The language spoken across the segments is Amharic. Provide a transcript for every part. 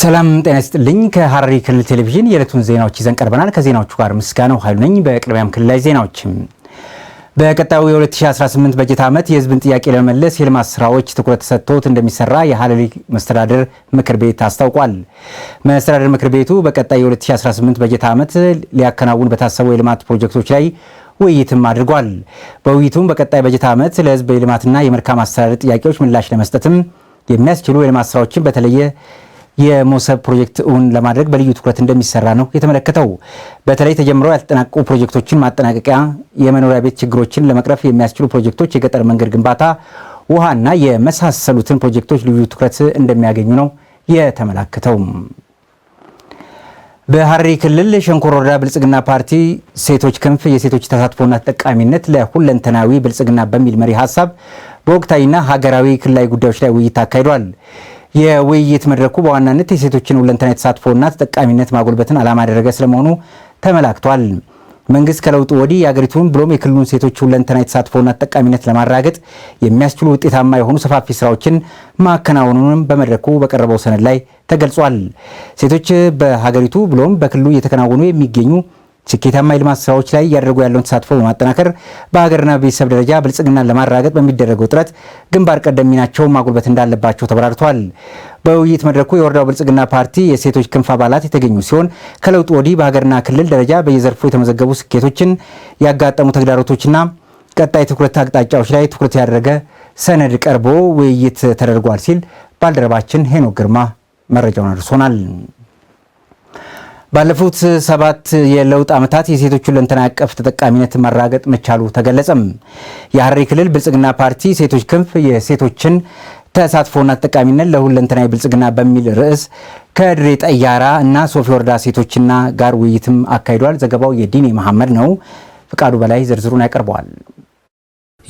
ሰላም ጤና ይስጥልኝ። ከሐረሪ ክልል ቴሌቪዥን የዕለቱን ዜናዎች ይዘን ቀርበናል። ከዜናዎቹ ጋር ምስጋናው ኃይሉ ነኝ። በቅድሚያም ክልላዊ ዜናዎች። በቀጣዩ የ2018 በጀት ዓመት የህዝብን ጥያቄ ለመመለስ የልማት ስራዎች ትኩረት ተሰጥቶት እንደሚሰራ የሐረሪ መስተዳደር ምክር ቤት አስታውቋል። መስተዳደር ምክር ቤቱ በቀጣይ የ2018 በጀት ዓመት ሊያከናውን በታሰቡ የልማት ፕሮጀክቶች ላይ ውይይትም አድርጓል። በውይይቱም በቀጣይ በጀት ዓመት ለህዝብ የልማትና የመልካም አስተዳደር ጥያቄዎች ምላሽ ለመስጠትም የሚያስችሉ የልማት ስራዎችን በተለየ የሞሰብ ፕሮጀክት እውን ለማድረግ በልዩ ትኩረት እንደሚሰራ ነው የተመለከተው። በተለይ ተጀምሮ ያልተጠናቀቁ ፕሮጀክቶችን ማጠናቀቂያ፣ የመኖሪያ ቤት ችግሮችን ለመቅረፍ የሚያስችሉ ፕሮጀክቶች፣ የገጠር መንገድ ግንባታ፣ ውሃና የመሳሰሉትን ፕሮጀክቶች ልዩ ትኩረት እንደሚያገኙ ነው የተመላከተው። በሐረሪ ክልል ሸንኮር ወረዳ ብልጽግና ፓርቲ ሴቶች ክንፍ የሴቶች ተሳትፎና ተጠቃሚነት ለሁለንተናዊ ብልጽግና በሚል መሪ ሀሳብ በወቅታዊና ሀገራዊ ክልላዊ ጉዳዮች ላይ ውይይት አካሂዷል። የውይይት መድረኩ በዋናነት የሴቶችን ሁለንተናዊ የተሳትፎና ተጠቃሚነት ማጎልበትን ዓላማ ያደረገ ስለመሆኑ ተመላክቷል። መንግስት ከለውጡ ወዲህ የአገሪቱን ብሎም የክልሉን ሴቶች ሁለንተና የተሳትፎና ተጠቃሚነት ለማራገጥ የሚያስችሉ ውጤታማ የሆኑ ሰፋፊ ስራዎችን ማከናወኑንም በመድረኩ በቀረበው ሰነድ ላይ ተገልጿል። ሴቶች በሀገሪቱ ብሎም በክልሉ እየተከናወኑ የሚገኙ ስኬታማ የልማት ስራዎች ላይ እያደረጉ ያለውን ተሳትፎ በማጠናከር በሀገርና በቤተሰብ ደረጃ ብልጽግናን ለማራገጥ በሚደረገው ጥረት ግንባር ቀደም ማጉልበት እንዳለባቸው ተብራርቷል። በውይይት መድረኩ የወረዳው ብልጽግና ፓርቲ የሴቶች ክንፍ አባላት የተገኙ ሲሆን ከለውጥ ወዲህ በሀገርና ክልል ደረጃ በየዘርፉ የተመዘገቡ ስኬቶችን፣ ያጋጠሙ ተግዳሮቶችና ቀጣይ ትኩረት አቅጣጫዎች ላይ ትኩረት ያደረገ ሰነድ ቀርቦ ውይይት ተደርጓል ሲል ባልደረባችን ሄኖክ ግርማ መረጃውን አድርሶናል። ባለፉት ሰባት የለውጥ ዓመታት የሴቶች ሁለንተና አቀፍ ተጠቃሚነት መራገጥ መቻሉ ተገለጸም። የሐረሪ ክልል ብልጽግና ፓርቲ ሴቶች ክንፍ የሴቶችን ተሳትፎና ተጠቃሚነት ለሁለንተና ብልጽግና በሚል ርዕስ ከድሬ ጠያራ እና ሶፊ ወረዳ ሴቶችና ጋር ውይይትም አካሂዷል። ዘገባው የዲኔ መሐመድ ነው። ፍቃዱ በላይ ዝርዝሩን ያቀርበዋል።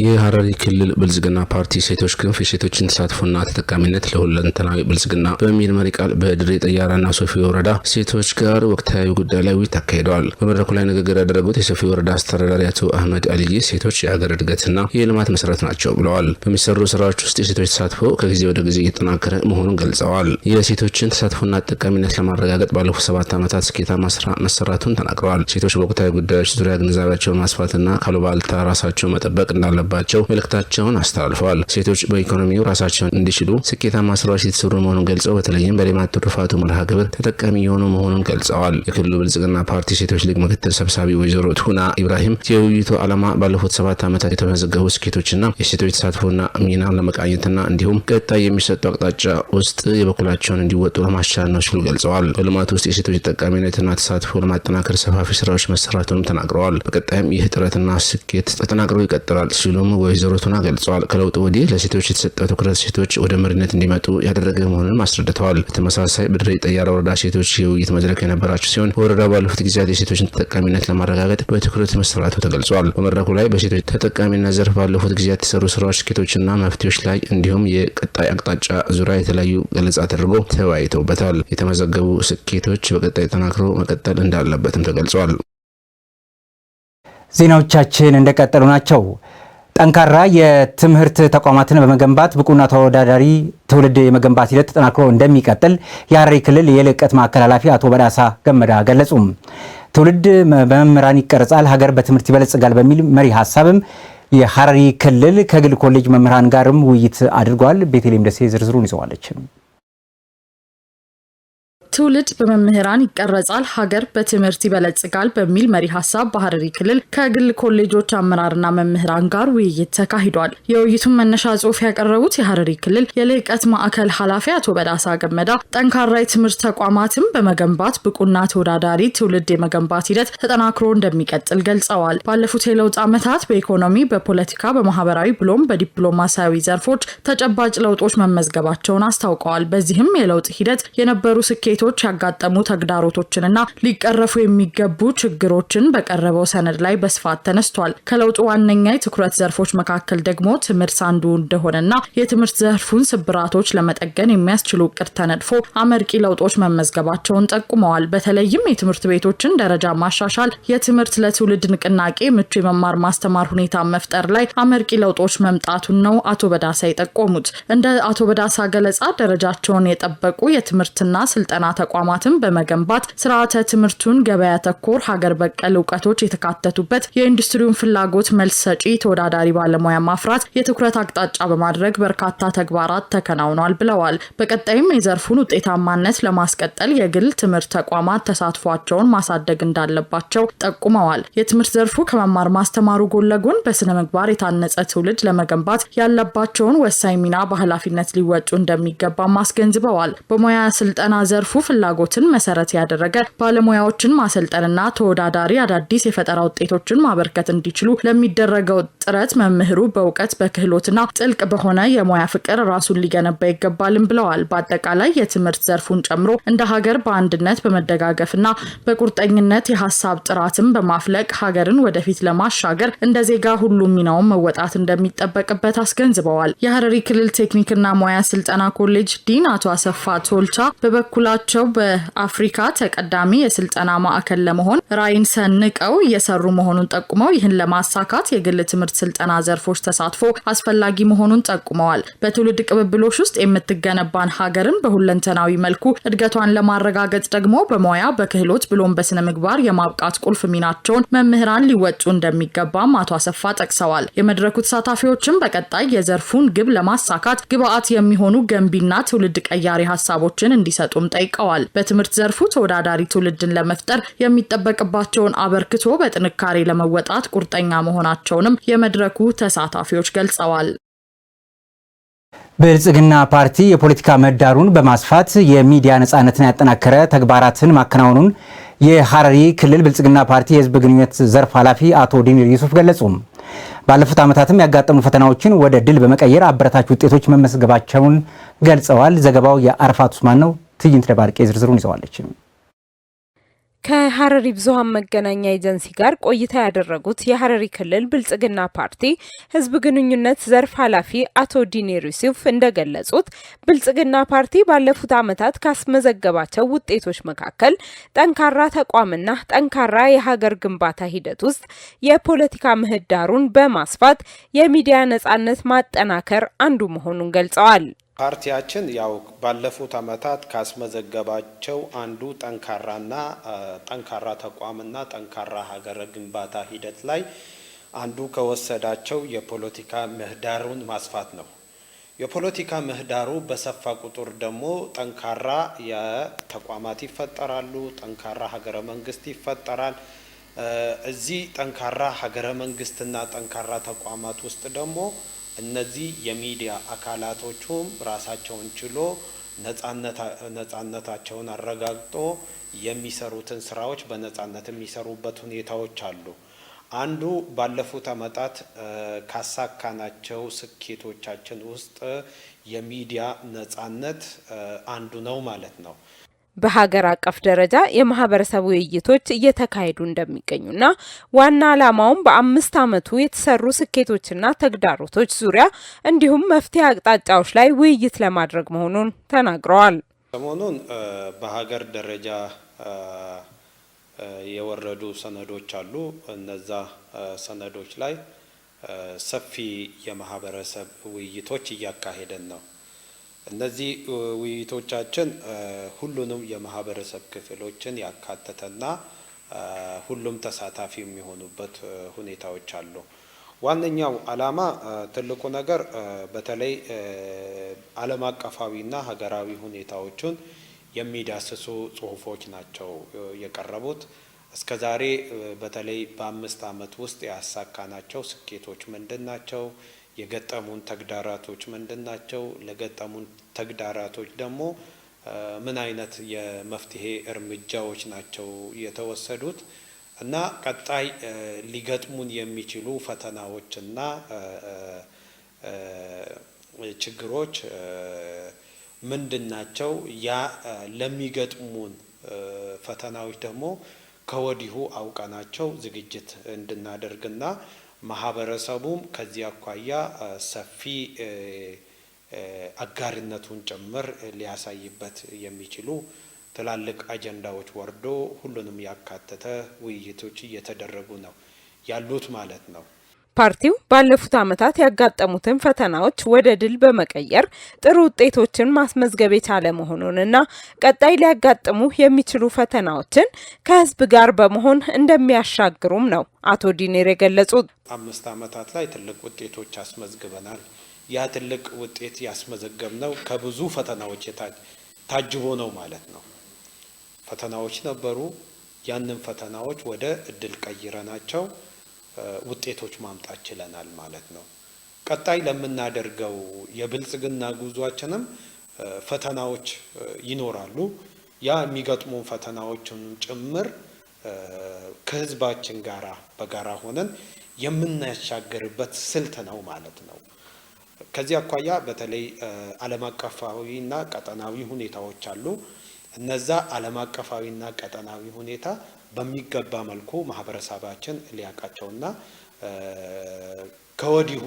የሀረሪ ክልል ብልጽግና ፓርቲ ሴቶች ክንፍ የሴቶችን ተሳትፎና ተጠቃሚነት ለሁለንተናዊ ብልጽግና በሚል መሪ ቃል በድሬ ጠያራና ሶፊ ወረዳ ሴቶች ጋር ወቅታዊ ጉዳይ ላይ ውይይት አካሂደዋል። በመድረኩ ላይ ንግግር ያደረጉት የሶፊ ወረዳ አስተዳዳሪ አቶ አህመድ አልይ ሴቶች የአገር እድገትና የልማት መሰረት ናቸው ብለዋል። በሚሰሩ ስራዎች ውስጥ የሴቶች ተሳትፎ ከጊዜ ወደ ጊዜ እየተጠናከረ መሆኑን ገልጸዋል። የሴቶችን ተሳትፎና ተጠቃሚነት ለማረጋገጥ ባለፉት ሰባት ዓመታት ስኬታማ ስራ መሰራቱን ተናግረዋል። ሴቶች በወቅታዊ ጉዳዮች ዙሪያ ግንዛቤያቸውን ማስፋትና ካሉባልታ ራሳቸው መጠበቅ እንዳለ እንዳለባቸው መልእክታቸውን አስተላልፈዋል። ሴቶች በኢኮኖሚው ራሳቸውን እንዲችሉ ስኬታማ ስራዎች የተሰሩ መሆኑን ገልጸው በተለይም በሌማት ትሩፋቱ መርሃ ግብር ተጠቃሚ የሆኑ መሆኑን ገልጸዋል። የክልሉ ብልጽግና ፓርቲ ሴቶች ሊግ ምክትል ሰብሳቢ ወይዘሮ ቱና ኢብራሂም የውይይቱ ዓላማ ባለፉት ሰባት ዓመታት የተመዘገቡ ስኬቶችና የሴቶች ተሳትፎና ሚና ለመቃኘትና እንዲሁም ቀጣይ የሚሰጡ አቅጣጫ ውስጥ የበኩላቸውን እንዲወጡ ለማስቻል ነው ሲሉ ገልጸዋል። በልማት ውስጥ የሴቶች ተጠቃሚነትና ተሳትፎ ለማጠናከር ሰፋፊ ስራዎች መሰራቱንም ተናግረዋል። በቀጣይም ይህ ጥረትና ስኬት ተጠናክሮ ይቀጥላል ሲሉ ሲሉም ወይዘሮ ቱና ገልጸዋል። ከለውጥ ወዲህ ለሴቶች የተሰጠ ትኩረት ሴቶች ወደ መሪነት እንዲመጡ ያደረገ መሆኑንም አስረድተዋል። በተመሳሳይ በድሬ ጠያራ ወረዳ ሴቶች የውይይት መድረክ የነበራቸው ሲሆን በወረዳ ባለፉት ጊዜያት የሴቶችን ተጠቃሚነት ለማረጋገጥ በትኩረት መሰራቱ ተገልጿል። በመድረኩ ላይ በሴቶች ተጠቃሚነት ዘርፍ ባለፉት ጊዜያት የተሰሩ ስራዎች፣ ስኬቶችና መፍትሄዎች ላይ እንዲሁም የቀጣይ አቅጣጫ ዙሪያ የተለያዩ ገለጻ ተደርጎ ተወያይተውበታል። የተመዘገቡ ስኬቶች በቀጣይ ተጠናክሮ መቀጠል እንዳለበትም ተገልጿል። ዜናዎቻችን እንደቀጠሉ ናቸው። ጠንካራ የትምህርት ተቋማትን በመገንባት ብቁና ተወዳዳሪ ትውልድ የመገንባት ሂደት ተጠናክሮ እንደሚቀጥል የሐረሪ ክልል የልዕቀት ማዕከል ኃላፊ አቶ በዳሳ ገመዳ ገለጹ። ትውልድ በመምህራን ይቀርጻል፣ ሀገር በትምህርት ይበለጽጋል በሚል መሪ ሀሳብም የሐረሪ ክልል ከግል ኮሌጅ መምህራን ጋርም ውይይት አድርጓል። ቤተልሔም ደሴ ዝርዝሩን ይዘዋለችም። ትውልድ በመምህራን ይቀረጻል፣ ሀገር በትምህርት ይበለጽጋል በሚል መሪ ሀሳብ በሀረሪ ክልል ከግል ኮሌጆች አመራርና መምህራን ጋር ውይይት ተካሂዷል። የውይይቱን መነሻ ጽሑፍ ያቀረቡት የሀረሪ ክልል የልዕቀት ማዕከል ኃላፊ አቶ በዳሳ ገመዳ ጠንካራ የትምህርት ተቋማትን በመገንባት ብቁና ተወዳዳሪ ትውልድ የመገንባት ሂደት ተጠናክሮ እንደሚቀጥል ገልጸዋል። ባለፉት የለውጥ ዓመታት በኢኮኖሚ፣ በፖለቲካ፣ በማህበራዊ ብሎም በዲፕሎማሲያዊ ዘርፎች ተጨባጭ ለውጦች መመዝገባቸውን አስታውቀዋል። በዚህም የለውጥ ሂደት የነበሩ ስኬት ቤቶች ያጋጠሙ ተግዳሮቶችንና ሊቀረፉ የሚገቡ ችግሮችን በቀረበው ሰነድ ላይ በስፋት ተነስቷል። ከለውጡ ዋነኛ የትኩረት ዘርፎች መካከል ደግሞ ትምህርት አንዱ እንደሆነና የትምህርት ዘርፉን ስብራቶች ለመጠገን የሚያስችሉ እቅድ ተነድፎ አመርቂ ለውጦች መመዝገባቸውን ጠቁመዋል። በተለይም የትምህርት ቤቶችን ደረጃ ማሻሻል፣ የትምህርት ለትውልድ ንቅናቄ ምቹ የመማር ማስተማር ሁኔታ መፍጠር ላይ አመርቂ ለውጦች መምጣቱን ነው አቶ በዳሳ የጠቆሙት። እንደ አቶ በዳሳ ገለጻ ደረጃቸውን የጠበቁ የትምህርትና ስልጠና ተቋማትን በመገንባት ስርዓተ ትምህርቱን ገበያ ተኮር ሀገር በቀል እውቀቶች የተካተቱበት የኢንዱስትሪውን ፍላጎት መልስ ሰጪ ተወዳዳሪ ባለሙያ ማፍራት የትኩረት አቅጣጫ በማድረግ በርካታ ተግባራት ተከናውኗል ብለዋል። በቀጣይም የዘርፉን ውጤታማነት ለማስቀጠል የግል ትምህርት ተቋማት ተሳትፏቸውን ማሳደግ እንዳለባቸው ጠቁመዋል። የትምህርት ዘርፉ ከመማር ማስተማሩ ጎን ለጎን በስነ ምግባር የታነጸ ትውልድ ለመገንባት ያለባቸውን ወሳኝ ሚና በኃላፊነት ሊወጡ እንደሚገባም አስገንዝበዋል። በሙያ ስልጠና ዘርፉ ፍላጎትን መሰረት ያደረገ ባለሙያዎችን ማሰልጠንና ተወዳዳሪ አዳዲስ የፈጠራ ውጤቶችን ማበርከት እንዲችሉ ለሚደረገው ጥረት መምህሩ በእውቀት በክህሎትና ጥልቅ በሆነ የሙያ ፍቅር ራሱን ሊገነባ ይገባልም ብለዋል። በአጠቃላይ የትምህርት ዘርፉን ጨምሮ እንደ ሀገር በአንድነት በመደጋገፍና በቁርጠኝነት የሀሳብ ጥራትን በማፍለቅ ሀገርን ወደፊት ለማሻገር እንደ ዜጋ ሁሉም ሚናውን መወጣት እንደሚጠበቅበት አስገንዝበዋል። የሀረሪ ክልል ቴክኒክና ሙያ ስልጠና ኮሌጅ ዲን አቶ አሰፋ ቶልቻ በበኩላቸው ሀገራቸው በአፍሪካ ተቀዳሚ የስልጠና ማዕከል ለመሆን ራዕይን ሰንቀው እየሰሩ መሆኑን ጠቁመው ይህን ለማሳካት የግል ትምህርት ስልጠና ዘርፎች ተሳትፎ አስፈላጊ መሆኑን ጠቁመዋል። በትውልድ ቅብብሎች ውስጥ የምትገነባን ሀገርን በሁለንተናዊ መልኩ እድገቷን ለማረጋገጥ ደግሞ በሙያ በክህሎት ብሎም በስነ ምግባር የማብቃት ቁልፍ ሚናቸውን መምህራን ሊወጡ እንደሚገባም አቶ አሰፋ ጠቅሰዋል። የመድረኩ ተሳታፊዎችም በቀጣይ የዘርፉን ግብ ለማሳካት ግብአት የሚሆኑ ገንቢና ትውልድ ቀያሪ ሀሳቦችን እንዲሰጡም ጠይቀዋል። አስታውቀዋል። በትምህርት ዘርፉ ተወዳዳሪ ትውልድን ለመፍጠር የሚጠበቅባቸውን አበርክቶ በጥንካሬ ለመወጣት ቁርጠኛ መሆናቸውንም የመድረኩ ተሳታፊዎች ገልጸዋል። ብልጽግና ፓርቲ የፖለቲካ ምህዳሩን በማስፋት የሚዲያ ነፃነትን ያጠናከረ ተግባራትን ማከናወኑን የሐረሪ ክልል ብልጽግና ፓርቲ የህዝብ ግንኙነት ዘርፍ ኃላፊ አቶ ዲሚር ዩሱፍ ገለጹም። ባለፉት ዓመታትም ያጋጠሙ ፈተናዎችን ወደ ድል በመቀየር አበረታች ውጤቶች መመዝገባቸውን ገልጸዋል። ዘገባው የአረፋት ኡስማን ነው። ትዕይንት ደባርቄ ዝርዝሩን ይዘዋለች። ከሀረሪ ብዙሃን መገናኛ ኤጀንሲ ጋር ቆይታ ያደረጉት የሀረሪ ክልል ብልጽግና ፓርቲ ህዝብ ግንኙነት ዘርፍ ኃላፊ አቶ ዲኔር ዩሱፍ እንደገለጹት ብልጽግና ፓርቲ ባለፉት ዓመታት ካስመዘገባቸው ውጤቶች መካከል ጠንካራ ተቋምና ጠንካራ የሀገር ግንባታ ሂደት ውስጥ የፖለቲካ ምህዳሩን በማስፋት የሚዲያ ነጻነት ማጠናከር አንዱ መሆኑን ገልጸዋል። ፓርቲያችን ያው ባለፉት ዓመታት ካስመዘገባቸው አንዱ ጠንካራና ጠንካራ ተቋምና ጠንካራ ሀገረ ግንባታ ሂደት ላይ አንዱ ከወሰዳቸው የፖለቲካ ምህዳሩን ማስፋት ነው። የፖለቲካ ምህዳሩ በሰፋ ቁጥር ደግሞ ጠንካራ የተቋማት ይፈጠራሉ፣ ጠንካራ ሀገረ መንግስት ይፈጠራል። እዚህ ጠንካራ ሀገረ መንግስትና ጠንካራ ተቋማት ውስጥ ደግሞ እነዚህ የሚዲያ አካላቶቹም ራሳቸውን ችሎ ነጻነታቸውን አረጋግጦ የሚሰሩትን ስራዎች በነጻነት የሚሰሩበት ሁኔታዎች አሉ። አንዱ ባለፉት አመታት ካሳካናቸው ስኬቶቻችን ውስጥ የሚዲያ ነጻነት አንዱ ነው ማለት ነው። በሀገር አቀፍ ደረጃ የማህበረሰብ ውይይቶች እየተካሄዱ እንደሚገኙና ዋና ዓላማውም በአምስት ዓመቱ የተሰሩ ስኬቶችና ተግዳሮቶች ዙሪያ እንዲሁም መፍትሄ አቅጣጫዎች ላይ ውይይት ለማድረግ መሆኑን ተናግረዋል። ሰሞኑን በሀገር ደረጃ የወረዱ ሰነዶች አሉ። እነዛ ሰነዶች ላይ ሰፊ የማህበረሰብ ውይይቶች እያካሄደን ነው። እነዚህ ውይይቶቻችን ሁሉንም የማህበረሰብ ክፍሎችን ያካተተና ሁሉም ተሳታፊ የሚሆኑበት ሁኔታዎች አሉ። ዋነኛው ዓላማ ትልቁ ነገር በተለይ ዓለም አቀፋዊና ሀገራዊ ሁኔታዎቹን የሚዳስሱ ጽሁፎች ናቸው የቀረቡት። እስከ ዛሬ በተለይ በአምስት ዓመት ውስጥ ያሳካናቸው ስኬቶች ምንድን ናቸው? የገጠሙን ተግዳራቶች ምንድን ናቸው? ለገጠሙን ተግዳራቶች ደግሞ ምን አይነት የመፍትሄ እርምጃዎች ናቸው የተወሰዱት እና ቀጣይ ሊገጥሙን የሚችሉ ፈተናዎች እና ችግሮች ምንድን ናቸው? ያ ለሚገጥሙን ፈተናዎች ደግሞ ከወዲሁ አውቀናቸው ዝግጅት እንድናደርግና ማህበረሰቡም ከዚህ አኳያ ሰፊ አጋርነቱን ጭምር ሊያሳይበት የሚችሉ ትላልቅ አጀንዳዎች ወርዶ ሁሉንም ያካተተ ውይይቶች እየተደረጉ ነው ያሉት ማለት ነው። ፓርቲው ባለፉት ዓመታት ያጋጠሙትን ፈተናዎች ወደ ድል በመቀየር ጥሩ ውጤቶችን ማስመዝገብ የቻለ መሆኑንና ቀጣይ ሊያጋጥሙ የሚችሉ ፈተናዎችን ከህዝብ ጋር በመሆን እንደሚያሻግሩም ነው አቶ ዲኔር የገለጹት። አምስት ዓመታት ላይ ትልቅ ውጤቶች አስመዝግበናል። ያ ትልቅ ውጤት ያስመዘገብነው ከብዙ ፈተናዎች ታጅቦ ነው ማለት ነው። ፈተናዎች ነበሩ። ያንን ፈተናዎች ወደ እድል ቀይረናቸው ውጤቶች ማምጣት ችለናል ማለት ነው። ቀጣይ ለምናደርገው የብልጽግና ጉዟችንም ፈተናዎች ይኖራሉ። ያ የሚገጥሙ ፈተናዎችን ጭምር ከህዝባችን ጋራ በጋራ ሆነን የምናሻገርበት ስልት ነው ማለት ነው። ከዚህ አኳያ በተለይ ዓለም አቀፋዊ እና ቀጠናዊ ሁኔታዎች አሉ። እነዛ ዓለም አቀፋዊና ቀጠናዊ ሁኔታ በሚገባ መልኩ ማህበረሰባችን ሊያውቃቸውና ከወዲሁ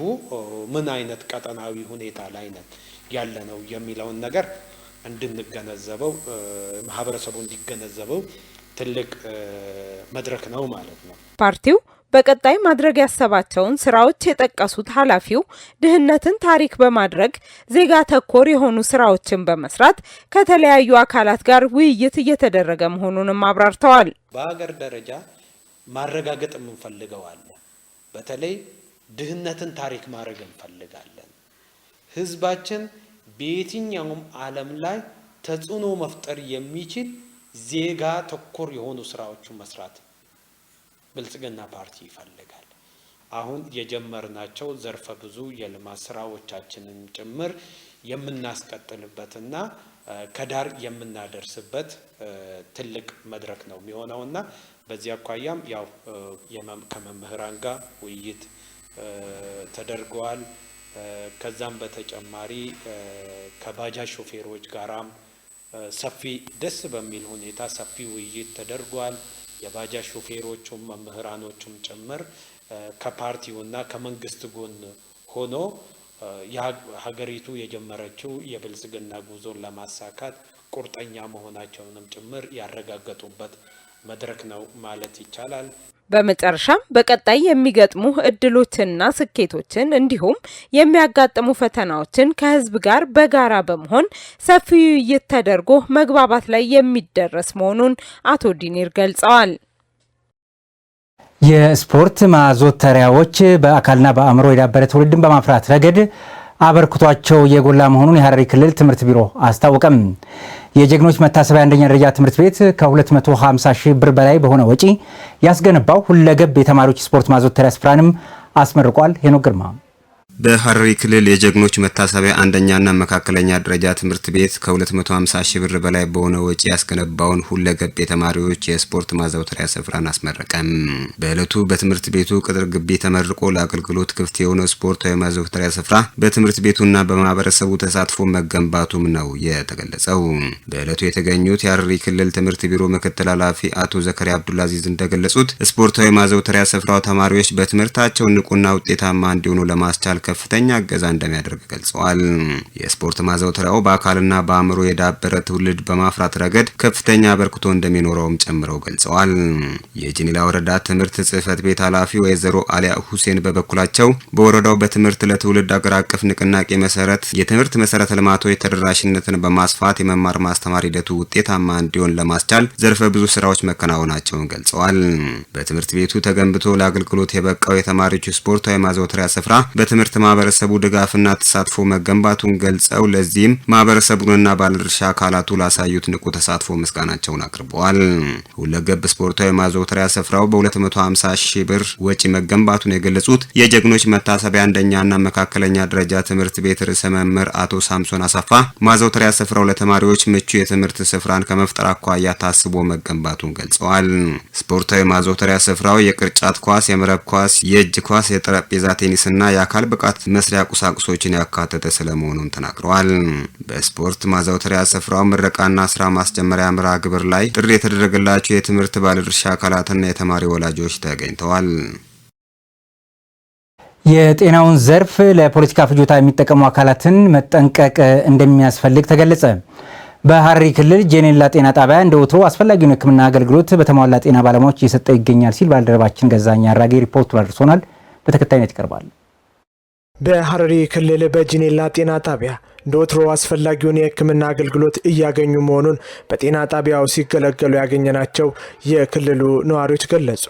ምን አይነት ቀጠናዊ ሁኔታ ላይ ነን ያለ ነው የሚለውን ነገር እንድንገነዘበው ማህበረሰቡ እንዲገነዘበው ትልቅ መድረክ ነው ማለት ነው ፓርቲው በቀጣይ ማድረግ ያሰባቸውን ስራዎች የጠቀሱት ኃላፊው ድህነትን ታሪክ በማድረግ ዜጋ ተኮር የሆኑ ስራዎችን በመስራት ከተለያዩ አካላት ጋር ውይይት እየተደረገ መሆኑንም አብራርተዋል። በሀገር ደረጃ ማረጋገጥ የምንፈልገዋለን። በተለይ ድህነትን ታሪክ ማድረግ እንፈልጋለን። ህዝባችን በየትኛውም ዓለም ላይ ተጽዕኖ መፍጠር የሚችል ዜጋ ተኮር የሆኑ ስራዎችን መስራት ብልጽግና ፓርቲ ይፈልጋል። አሁን የጀመርናቸው ዘርፈ ብዙ የልማት ስራዎቻችንን ጭምር የምናስቀጥልበትና ከዳር የምናደርስበት ትልቅ መድረክ ነው የሚሆነውና በዚህ አኳያም ያው ከመምህራን ጋር ውይይት ተደርገዋል። ከዛም በተጨማሪ ከባጃጅ ሾፌሮች ጋራም ሰፊ ደስ በሚል ሁኔታ ሰፊ ውይይት ተደርጓል። የባጃጅ ሾፌሮቹም መምህራኖቹም ጭምር ከፓርቲውና ከመንግስት ጎን ሆኖ ሀገሪቱ የጀመረችው የብልጽግና ጉዞን ለማሳካት ቁርጠኛ መሆናቸውንም ጭምር ያረጋገጡበት መድረክ ነው ማለት ይቻላል። በመጨረሻም በቀጣይ የሚገጥሙ እድሎችንና ስኬቶችን እንዲሁም የሚያጋጥሙ ፈተናዎችን ከህዝብ ጋር በጋራ በመሆን ሰፊ ውይይት ተደርጎ መግባባት ላይ የሚደረስ መሆኑን አቶ ዲኒር ገልጸዋል። የስፖርት ማዘውተሪያዎች በአካልና በአእምሮ የዳበረ ትውልድን በማፍራት ረገድ አበርክቷቸው የጎላ መሆኑን የሐረሪ ክልል ትምህርት ቢሮ አስታወቀም። የጀግኖች መታሰቢያ አንደኛ ደረጃ ትምህርት ቤት ከ250 ሺህ ብር በላይ በሆነ ወጪ ያስገነባው ሁለገብ የተማሪዎች ስፖርት ማዘውተሪያ ስፍራንም አስመርቋል። ሄኖክ ግርማ በሐረሪ ክልል የጀግኖች መታሰቢያ አንደኛና መካከለኛ ደረጃ ትምህርት ቤት ከ250 ሺህ ብር በላይ በሆነ ወጪ ያስገነባውን ሁለገብ የተማሪዎች የስፖርት ማዘውተሪያ ስፍራን አስመረቀም። በዕለቱ በትምህርት ቤቱ ቅጥር ግቢ ተመርቆ ለአገልግሎት ክፍት የሆነ ስፖርታዊ ማዘውተሪያ ስፍራ በትምህርት ቤቱና በማህበረሰቡ ተሳትፎ መገንባቱም ነው የተገለጸው። በዕለቱ የተገኙት የሐረሪ ክልል ትምህርት ቢሮ ምክትል ኃላፊ አቶ ዘከሪያ አብዱልአዚዝ እንደገለጹት ስፖርታዊ ማዘውተሪያ ስፍራው ተማሪዎች በትምህርታቸው ንቁና ውጤታማ እንዲሆኑ ለማስቻል ከፍተኛ እገዛ እንደሚያደርግ ገልጸዋል። የስፖርት ማዘውተሪያው በአካልና በአእምሮ የዳበረ ትውልድ በማፍራት ረገድ ከፍተኛ አበርክቶ እንደሚኖረውም ጨምረው ገልጸዋል። የጂኒላ ወረዳ ትምህርት ጽህፈት ቤት ኃላፊ ወይዘሮ አሊያ ሁሴን በበኩላቸው በወረዳው በትምህርት ለትውልድ አገር አቀፍ ንቅናቄ መሰረት የትምህርት መሰረተ ልማቶች ተደራሽነትን በማስፋት የመማር ማስተማር ሂደቱ ውጤታማ እንዲሆን ለማስቻል ዘርፈ ብዙ ስራዎች መከናወናቸውን ገልጸዋል። በትምህርት ቤቱ ተገንብቶ ለአገልግሎት የበቃው የተማሪዎች ስፖርታዊ ማዘውተሪያ ስፍራ በትምህርት ማህበረሰቡ ድጋፍና ተሳትፎ መገንባቱን ገልጸው ለዚህም ማህበረሰቡንና ባለድርሻ አካላቱ ላሳዩት ንቁ ተሳትፎ ምስጋናቸውን አቅርበዋል። ሁለገብ ስፖርታዊ ማዘውተሪያ ስፍራው በ250 ሺህ ብር ወጪ መገንባቱን የገለጹት የጀግኖች መታሰቢያ አንደኛና መካከለኛ ደረጃ ትምህርት ቤት ርዕሰ መምህር አቶ ሳምሶን አሰፋ ማዘውተሪያ ስፍራው ለተማሪዎች ምቹ የትምህርት ስፍራን ከመፍጠር አኳያ ታስቦ መገንባቱን ገልጸዋል። ስፖርታዊ ማዘውተሪያ ስፍራው የቅርጫት ኳስ፣ የመረብ ኳስ፣ የእጅ ኳስ፣ የጠረጴዛ ቴኒስና የአካል ብቃ ማብቃት መስሪያ ቁሳቁሶችን ያካተተ ስለመሆኑም ተናግረዋል። በስፖርት ማዘውተሪያ ስፍራው ምረቃና ስራ ማስጀመሪያ ምራ ግብር ላይ ጥሪ የተደረገላቸው የትምህርት ባለድርሻ አካላትና የተማሪ ወላጆች ተገኝተዋል። የጤናውን ዘርፍ ለፖለቲካ ፍጆታ የሚጠቀሙ አካላትን መጠንቀቅ እንደሚያስፈልግ ተገለጸ። በሐረሪ ክልል ጄኔላ ጤና ጣቢያ እንደ ወትሮ አስፈላጊውን ሕክምና አገልግሎት በተሟላ ጤና ባለሙያዎች እየሰጠ ይገኛል ሲል ባልደረባችን ገዛኛ አራጌ ሪፖርቱ አድርሶናል። በተከታይነት ይቀርባል። በሐረሪ ክልል በጂኔላ ጤና ጣቢያ እንደ ወትሮ አስፈላጊውን የሕክምና አገልግሎት እያገኙ መሆኑን በጤና ጣቢያው ሲገለገሉ ያገኘናቸው የክልሉ ነዋሪዎች ገለጹ።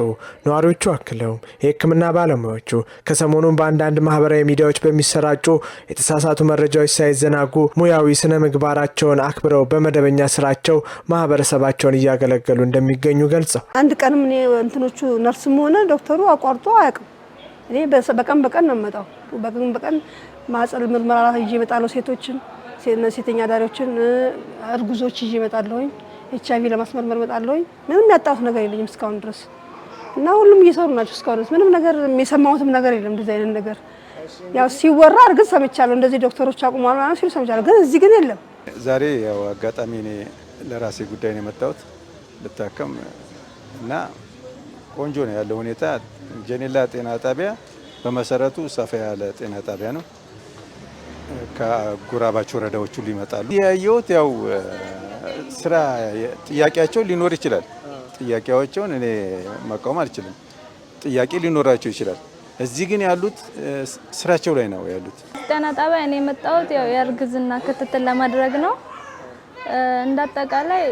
ነዋሪዎቹ አክለውም የሕክምና ባለሙያዎቹ ከሰሞኑን በአንዳንድ ማህበራዊ ሚዲያዎች በሚሰራጩ የተሳሳቱ መረጃዎች ሳይዘናጉ ሙያዊ ስነ ምግባራቸውን አክብረው በመደበኛ ስራቸው ማህበረሰባቸውን እያገለገሉ እንደሚገኙ ገልጸው አንድ ቀንም እንትኖቹ ነርስም ሆነ ዶክተሩ አቋርጦ አያውቅም እኔ በቀን በቀን ነው የምመጣው። በቀን በቀን ማህፀን ምርመራ ይዤ እመጣለሁ። ሴቶችን፣ ሴተኛ አዳሪዎችን፣ እርጉዞች ይዤ እመጣለሁኝ። ኤች አይቪ ለማስመርመር እመጣለሁኝ። ምንም ያጣሁት ነገር የለኝም እስካሁን ድረስ እና ሁሉም እየሰሩ ናቸው። እስካሁን ድረስ ምንም ነገር የሰማሁትም ነገር የለም እንደዚህ አይነት ነገር ያው ሲወራ እርግጥ ሰምቻለሁ። እንደዚህ ዶክተሮች አቁሟል ማለት ሲሉ ሰምቻለሁ፣ ግን እዚህ ግን የለም። ዛሬ ያው አጋጣሚ እኔ ለራሴ ጉዳይ ነው የመጣሁት ልታከም እና ቆንጆ ነው ያለው ሁኔታ። ጀኔላ ጤና ጣቢያ በመሰረቱ ሰፋ ያለ ጤና ጣቢያ ነው። ከጉራባች ወረዳዎቹ ሊመጣሉ ይመጣሉ። ያየሁት ያው ስራ ጥያቄያቸው ሊኖር ይችላል። ጥያቄያቸውን እኔ መቃወም አልችልም። ጥያቄ ሊኖራቸው ይችላል። እዚህ ግን ያሉት ስራቸው ላይ ነው ያሉት። ጤና ጣቢያ እኔ የመጣሁት ያው የእርግዝና ክትትል ለማድረግ ነው። እንዳጠቃላይ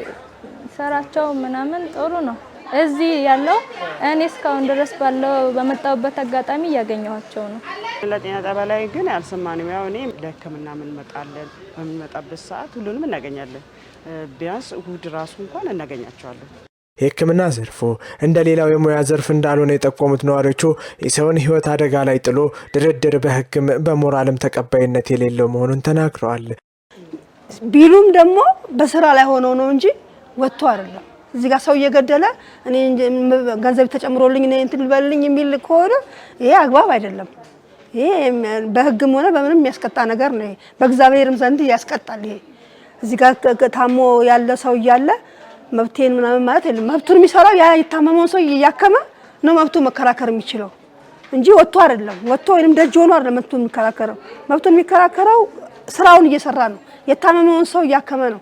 ስራቸው ምናምን ጥሩ ነው። እዚህ ያለው እኔ እስካሁን ድረስ ባለው በመጣሁበት አጋጣሚ እያገኘኋቸው ነው። ለጤና ጣቢያ ላይ ግን ያልሰማንም። ያው እኔ ለሕክምና ምንመጣለን በምንመጣበት ሰዓት ሁሉንም እናገኛለን። ቢያንስ እሁድ ራሱ እንኳን እናገኛቸዋለን። የህክምና ዘርፉ እንደ ሌላው የሙያ ዘርፍ እንዳልሆነ የጠቆሙት ነዋሪዎቹ የሰውን ህይወት አደጋ ላይ ጥሎ ድርድር በህግም በሞራልም ተቀባይነት የሌለው መሆኑን ተናግረዋል። ቢሉም ደግሞ በስራ ላይ ሆነው ነው እንጂ ወጥቶ አይደለም። እዚህ ጋር ሰው እየገደለ እኔ ገንዘብ ተጨምሮልኝ እኔ እንትን ልበልልኝ የሚል ከሆነ ይሄ አግባብ አይደለም። ይሄ በህግም ሆነ በምንም የሚያስቀጣ ነገር ነው። በእግዚአብሔርም ዘንድ ያስቀጣል። ይሄ እዚህ ጋር ታሞ ያለ ሰው እያለ መብቴን ምናምን ማለት የለም። መብቱን የሚሰራው ያ የታመመውን ሰው እያከመ ነው መብቱ መከራከር የሚችለው እንጂ ወጥቶ አይደለም። ወጥቶ ወይንም ደጅ ሆኖ አይደለም መብቱን የሚከራከረው። መብቱን የሚከራከረው ስራውን እየሰራ ነው። የታመመውን ሰው እያከመ ነው።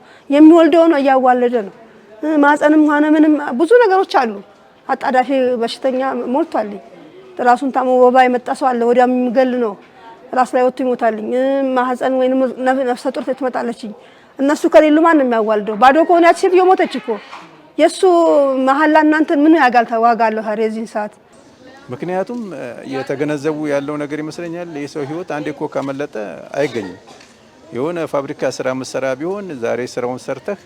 ነው እያዋለደ ነው። ማፀንም ሆነ ምንም ብዙ ነገሮች አሉ። አጣዳፊ በሽተኛ ሞልቷልኝ። ራሱን ታሞ ወባ የመጣ ሰው አለ። ወዲያም የሚገል ነው። ራስ ላይ ወጥቶ ይሞታልኝ። ማህፀን ወይም ነፍሰ ጡር ትመጣለችኝ። እነሱ ከሌሉ ማን ነው የሚያዋልደው? ባዶ ከሆነ ያች ሴትዮ ሞተች እኮ። የእሱ መሀላ እናንተን ምን ያጋል ተዋጋ አለሁ የዚህን ሰዓት ምክንያቱም የተገነዘቡ ያለው ነገር ይመስለኛል። የሰው ህይወት አንዴ እኮ ካመለጠ አይገኝም። የሆነ ፋብሪካ ስራ ምሰራ ቢሆን ዛሬ ስራውን ሰርተህ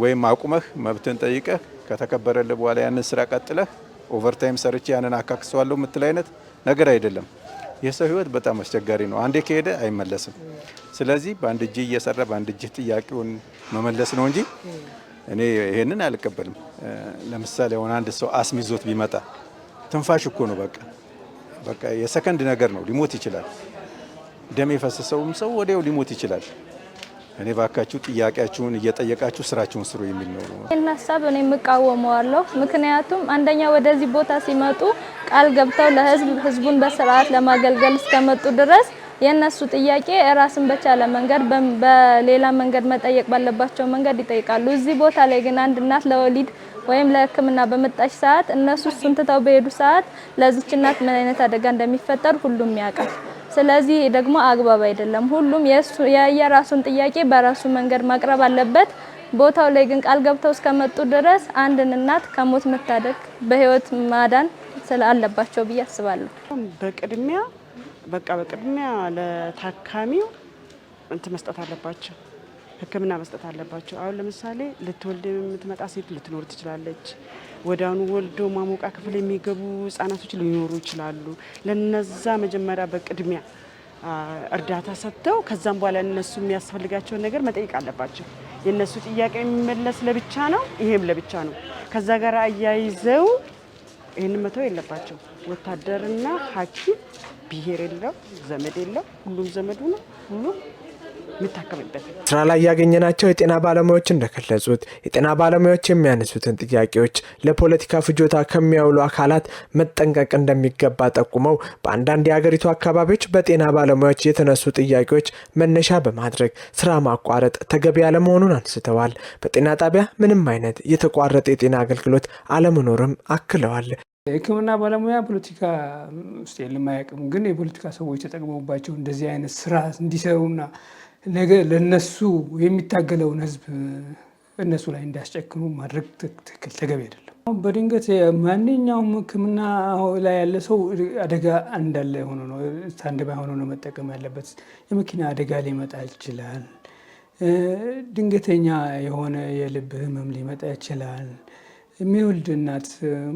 ወይም አቁመህ መብትን ጠይቀህ ከተከበረልህ በኋላ ያንን ስራ ቀጥለህ ኦቨርታይም ሰርቼ ያንን አካክሰዋለሁ የምትል አይነት ነገር አይደለም። የሰው ህይወት በጣም አስቸጋሪ ነው። አንዴ ከሄደ አይመለስም። ስለዚህ በአንድ እጅህ እየሰራ በአንድ እጅህ ጥያቄውን መመለስ ነው እንጂ እኔ ይሄንን አልቀበልም። ለምሳሌ አሁን አንድ ሰው አስም ይዞት ቢመጣ ትንፋሽ እኮ ነው፣ በቃ በቃ የሰከንድ ነገር ነው። ሊሞት ይችላል። ደም የፈሰሰውም ሰው ወዲያው ሊሞት ይችላል። እኔ ባካችሁ ጥያቄያችሁን እየጠየቃችሁ ስራችሁን ስሩ የሚል ነው። ይህን ሀሳብ እኔ የምቃወመዋለሁ። ምክንያቱም አንደኛ ወደዚህ ቦታ ሲመጡ ቃል ገብተው ለህዝብ ህዝቡን በስርዓት ለማገልገል እስከመጡ ድረስ የእነሱ ጥያቄ ራስን በቻለ መንገድ በሌላ መንገድ መጠየቅ ባለባቸው መንገድ ይጠይቃሉ። እዚህ ቦታ ላይ ግን አንድ እናት ለወሊድ ወይም ለሕክምና በመጣች ሰዓት እነሱ እሱን ትተው በሄዱ ሰዓት ለዚች እናት ምን አይነት አደጋ እንደሚፈጠር ሁሉም ያውቃል። ስለዚህ ደግሞ አግባብ አይደለም። ሁሉም የሱ የየራሱን ጥያቄ በራሱ መንገድ ማቅረብ አለበት። ቦታው ላይ ግን ቃል ገብተው እስከመጡ ድረስ አንድን እናት ከሞት መታደግ በህይወት ማዳን ስላለባቸው ብዬ አስባለሁ። በቅድሚያ በቃ በቅድሚያ ለታካሚው እንት መስጠት አለባቸው፣ ህክምና መስጠት አለባቸው። አሁን ለምሳሌ ልትወልድ የምትመጣ ሴት ልትኖር ትችላለች። ወዳኑ ወልደው ማሞቃ ክፍል የሚገቡ ህጻናቶች ሊኖሩ ይችላሉ። ለነዛ መጀመሪያ በቅድሚያ እርዳታ ሰጥተው ከዛም በኋላ እነሱ የሚያስፈልጋቸውን ነገር መጠየቅ አለባቸው። የእነሱ ጥያቄ የሚመለስ ለብቻ ነው፣ ይሄም ለብቻ ነው። ከዛ ጋር አያይዘው ይህን መተው የለባቸው። ወታደርና ሐኪም ብሄር የለው ዘመድ የለው፣ ሁሉም ዘመዱ ነው ሁሉም የምታከምበት። ስራ ላይ ያገኘናቸው የጤና ባለሙያዎች እንደገለጹት የጤና ባለሙያዎች የሚያነሱትን ጥያቄዎች ለፖለቲካ ፍጆታ ከሚያውሉ አካላት መጠንቀቅ እንደሚገባ ጠቁመው በአንዳንድ የሀገሪቱ አካባቢዎች በጤና ባለሙያዎች የተነሱ ጥያቄዎች መነሻ በማድረግ ስራ ማቋረጥ ተገቢ ያለመሆኑን አንስተዋል። በጤና ጣቢያ ምንም አይነት የተቋረጠ የጤና አገልግሎት አለመኖርም አክለዋል። የሕክምና ባለሙያ ፖለቲካ ውስጥ የለም አያውቅም። ግን የፖለቲካ ሰዎች ተጠቅመውባቸው እንደዚህ አይነት ስራ እንዲሰሩና ነገ ለነሱ የሚታገለውን ህዝብ እነሱ ላይ እንዳያስጨክኑ ማድረግ ትክክል ተገቢ አይደለም። አሁን በድንገት ማንኛውም ህክምና ላይ ያለ ሰው አደጋ እንዳለ ሆኖ ነው ስታንድ ባይ ሆኖ ነው መጠቀም ያለበት። የመኪና አደጋ ሊመጣ ይችላል። ድንገተኛ የሆነ የልብ ህመም ሊመጣ ይችላል። የሚወልድ እናት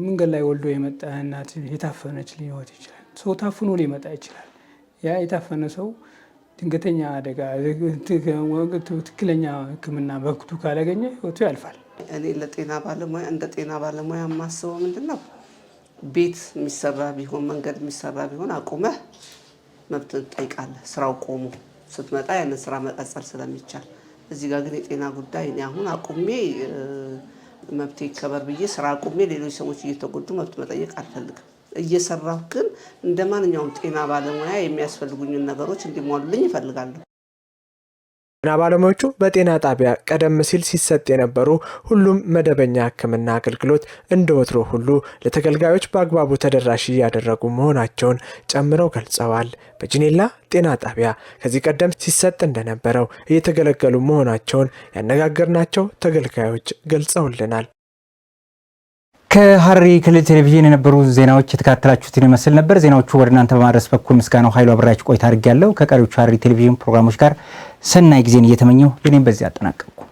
መንገድ ላይ ወልዶ የመጣ እናት የታፈነች ሊወት ይችላል። ሰው ታፍኖ ሊመጣ ይችላል። ያ የታፈነ ሰው ድንገተኛ አደጋ ትክክለኛ ሕክምና በወቅቱ ካላገኘ ህይወቱ ያልፋል። እኔ ለጤና ባለሙያ እንደ ጤና ባለሙያ የማስበው ምንድን ነው፣ ቤት የሚሰራ ቢሆን መንገድ የሚሰራ ቢሆን አቁመህ መብት ትጠይቃለህ። ስራው ቆሞ ስትመጣ ያንን ስራ መቀጸል ስለሚቻል፣ እዚህ ጋር ግን የጤና ጉዳይ እኔ አሁን አቁሜ መብቴ ይከበር ብዬ ስራ አቁሜ ሌሎች ሰዎች እየተጎዱ መብት መጠየቅ አልፈልግም። እየሰራሁ ግን እንደ ማንኛውም ጤና ባለሙያ የሚያስፈልጉኝን ነገሮች እንዲሟሉልኝ ይፈልጋለሁ። ጤና ባለሙያዎቹ በጤና ጣቢያ ቀደም ሲል ሲሰጥ የነበሩ ሁሉም መደበኛ ሕክምና አገልግሎት እንደ ወትሮ ሁሉ ለተገልጋዮች በአግባቡ ተደራሽ እያደረጉ መሆናቸውን ጨምረው ገልጸዋል። በጂኔላ ጤና ጣቢያ ከዚህ ቀደም ሲሰጥ እንደነበረው እየተገለገሉ መሆናቸውን ያነጋገርናቸው ተገልጋዮች ገልጸውልናል። ከሐረሪ ክልል ቴሌቪዥን የነበሩ ዜናዎች የተከታተላችሁትን ይመስል ነበር። ዜናዎቹ ወደ እናንተ በማድረስ በኩል ምስጋናው ኃይሉ አብሬያችሁ ቆይታ አድርጌያለሁ። ከቀሪዎቹ ሐረሪ ቴሌቪዥን ፕሮግራሞች ጋር ሰናይ ጊዜን እየተመኘው እኔም በዚህ አጠናቀቅኩ።